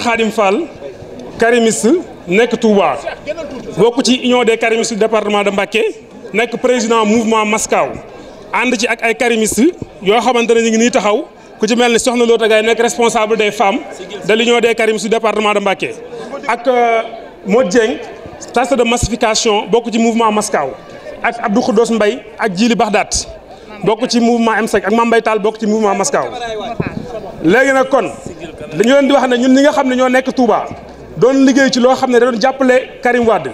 Xaadim Fall karimiste nekk Touba bokk ci union des karimistes du département de Mbacké nekk président mouvement Maskaw ànd ci ak ay karimistes yoo xamante ne ñu ngi ni taxaw ku ci mel ni soxna Lota Gaye nekk responsable des femmes de l'union des karimistes du département de Mbacké ak euh, Modou Dieng tasse de massification bokk ci mouvement Maskaw ak Abdou Khoudoss Mbaye ak Djili Baxdaat bokk ci mouvement M5 bokk ci mouvement Maskaw léegi nag kon dañu leen di wax ne ñun ñi nga xam ne ñoo nekk Touba doon liggéey ci loo xam ne da doon jàppale Karim Wade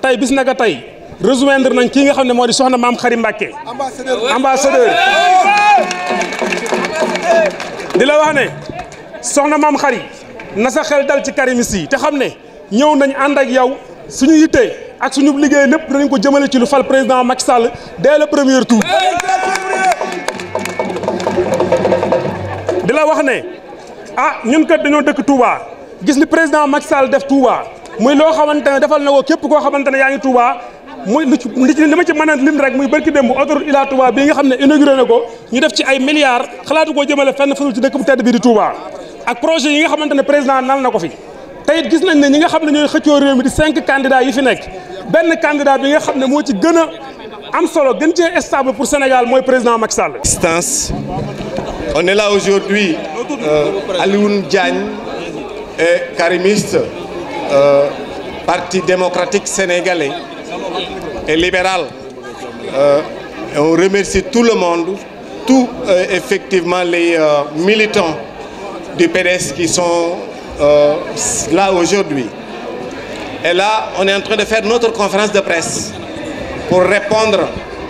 tey bis nag a tey rejoindre nañ kii nga xam ne moo di soxna maam Xarim Mbàkke ambassadeur di la wax ne soxna maam Xari na sa xel dal ci karimis yi te xam ne ñëw nañ ànd ak yow suñu yittee ak ñu liggéey lépp dañu ko jëmale ci lu fal président Macky Sall dès le premier tour di la wax ne ah ñun kat dañu dëkk Touba gis ni président Macky Sall def Touba muy lo xamantene defal na ko képp ko xamantene ne ngi Touba muy lu ci li ci mën lim rek muy barki démb autoroute Ila Touba bi nga xam ne inauguré na ko ñu def ci ay milliards xalaatu ko jëmele fenn fudul ci dëkk bu tedd bi di Touba ak projet yi nga xamantene président nal nako fi te gis nañ ne ñi nga xam ñoy xëccio réew mi di 5 candidats yi fi nekk benn candidat bi nga xam mo ci gëna am solo gën ci stable pour Sénégal moy président Macky Sall. distance on est là aujourd'hui euh, Alioune Diagne et Karimiste, euh, Parti démocratique sénégalais et libéral. Euh, on remercie tout le monde, tous effectivement les militants du PDS qui sont là aujourd'hui. Et là, on est en train de faire notre conférence de presse pour répondre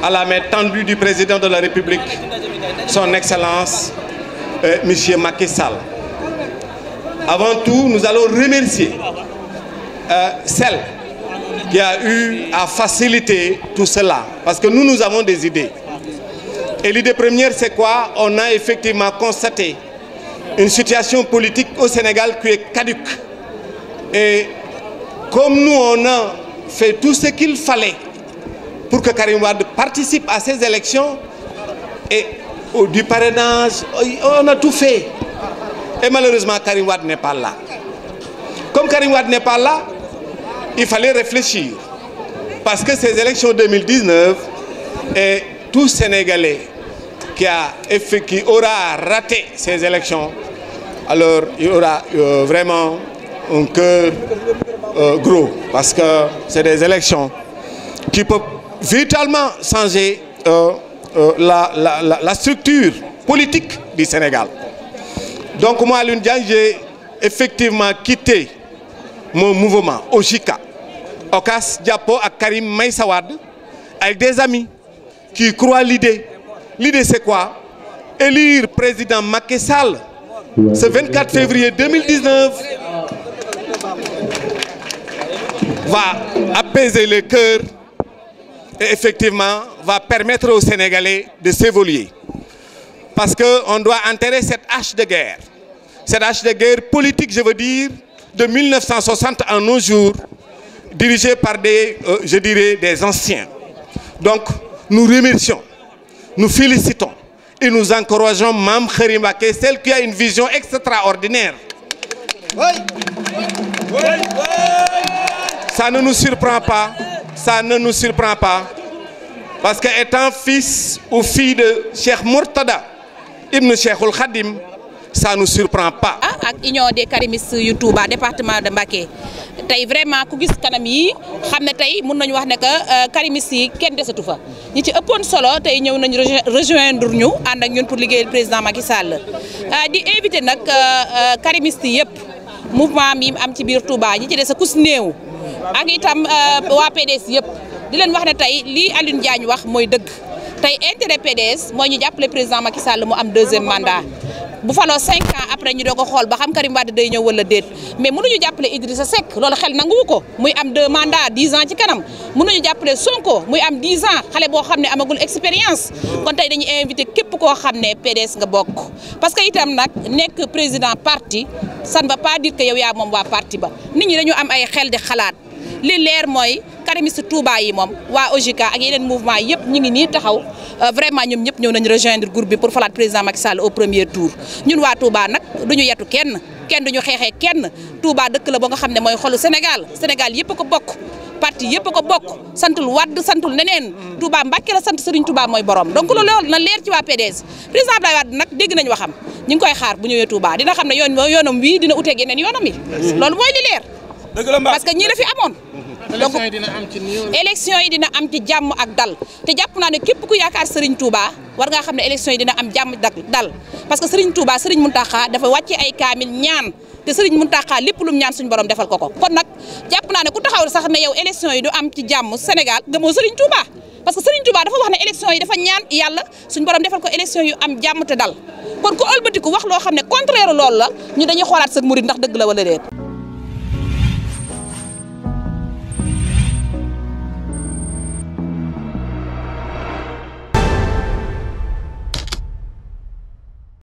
à la main tendue du président de la République, son Excellence, euh, monsieur M. Macky Avant tout, nous allons remercier celle euh, qui a eu à faciliter tout cela. Parce que nous, nous avons des idées. Et l'idée première, c'est quoi On a effectivement constaté une situation politique au Sénégal qui est caduque. Et comme nous, on a fait tout ce qu'il fallait pour que Karim Wade participe à ces élections et Oh, du parrainage, oh, on a tout fait. Et malheureusement, Karim Wad n'est pas là. Comme Karim Wad n'est pas là, il fallait réfléchir. Parce que ces élections 2019, et tout Sénégalais qui, a, qui aura raté ces élections, alors il y aura euh, vraiment un cœur euh, gros. Parce que c'est des élections qui peuvent vitalement changer euh, euh, la, structure politique du Sénégal. Donc moi, à j'ai effectivement quitté mon mouvement au JICA, au CAS Diapo à Karim Maïsawad, avec des amis qui croient l'idée. L'idée c'est quoi Élire président Macky Sall ce 24 février 2019 va apaiser le cœur effectivement, va permettre aux Sénégalais de s'évoluer. Parce qu'on doit enterrer cette hache de guerre. Cette hache de guerre politique, je veux dire, de 1960 à nos jours, dirigée par des, euh, je dirais, des anciens. Donc, nous remercions, nous félicitons et nous encourageons Mam Kherimbake, celle qui a une vision extraordinaire. Ça ne nous surprend pas ça ne nous surprend pas. Parce qu'étant fils ou fille de Cheikh Murtada, Ibn Cheikhul Khadim, ça ne nous surprend pas. Ah, ak union des karimistes yu Touba département de Mbacké tey vraiment ku gis kanam yi xam ne tey mun nañu wax ne que euh, karimistes yi kenn ci solo tey ñëw nañu rejoindre ñu ànd ak ñun pour le président Macky Sall euh, di invité nak euh, karimistes yëpp mouvement mi am ci biir Touba ñi ci des a kus ak itam euh, waa PDS yëpp di leen wax ne tey lii Alioune Diagne wax mooy dëgg tey intérêt PDS mooy ñu jàppale président Macky Sall mu am deuxième mandat bu faloo cinq ans après ñu doog a xool ba xam Karim Wade day ñëw wala déet mais mënuñu jàppale Idrissa Seck loolu xel nanguwu ko muy am deux mandats dix ans ci kanam mënuñu jàppale Sonko muy am dix ans xale boo xam ne amagul expérience kon tey dañu invité képp koo xam ne PDS nga bokk parce que itam nag nekk président parti ça ne va pas dire yaa moom waa parti ba nit ñi dañu am ay xel di xalaat li leer mooy karimiste Touba yi moom waa OJICA ak yeneen mouvement yëpp ñu ngi nii taxaw euh, vraiment ñoom ñëpp ñëw nañ rejoindre groupe bi pour falaat président Macky Sall au premier tour ñun waa Touba nag duñu yetu kenn kenn duñu xeexee kenn Touba dëkk la ba nga xam ne mooy xolu Sénégal Sénégal yëpp ko bokk parti yëpp ko bokk santul Wade santul neneen Touba Mbàkke la sant Serigne Touba mooy borom donc loolu na leer ci waa PDS président Abdoulaye Wade nag dégg nañ waxam ñu ngi koy xaar bu ñëwee Touba dina xam ne yoon yoonam wii dina uteeg yeneen yoonam yi loolu mooy li leer parce que ñii la fi amoon. donc élection yi dina am ci jàmm ak dal te jàpp naa ne képp ku yaakaar Serigne Touba war ngaa xam ne élection yi dina am jàmm dal parce que Serigne Touba Serigne Mountakha dafa wàcce ay kaamil ñaan te Serigne Mountakha lépp lu ñaan suñu borom defal ko ko kon nag jàpp naa ne ku taxaw sax ne yow élection yi du am ci jàmm Sénégal gëmoo Serigne Touba parce que Serigne Touba dafa wax ne élection yi dafa ñaan yàlla suñu borom defal ko élection yu am jàmm te dal kon ku ëlbatiku wax loo xam ne contraire loolu la ñu dañuy xoolaat sa murid ndax dëgg la wala déet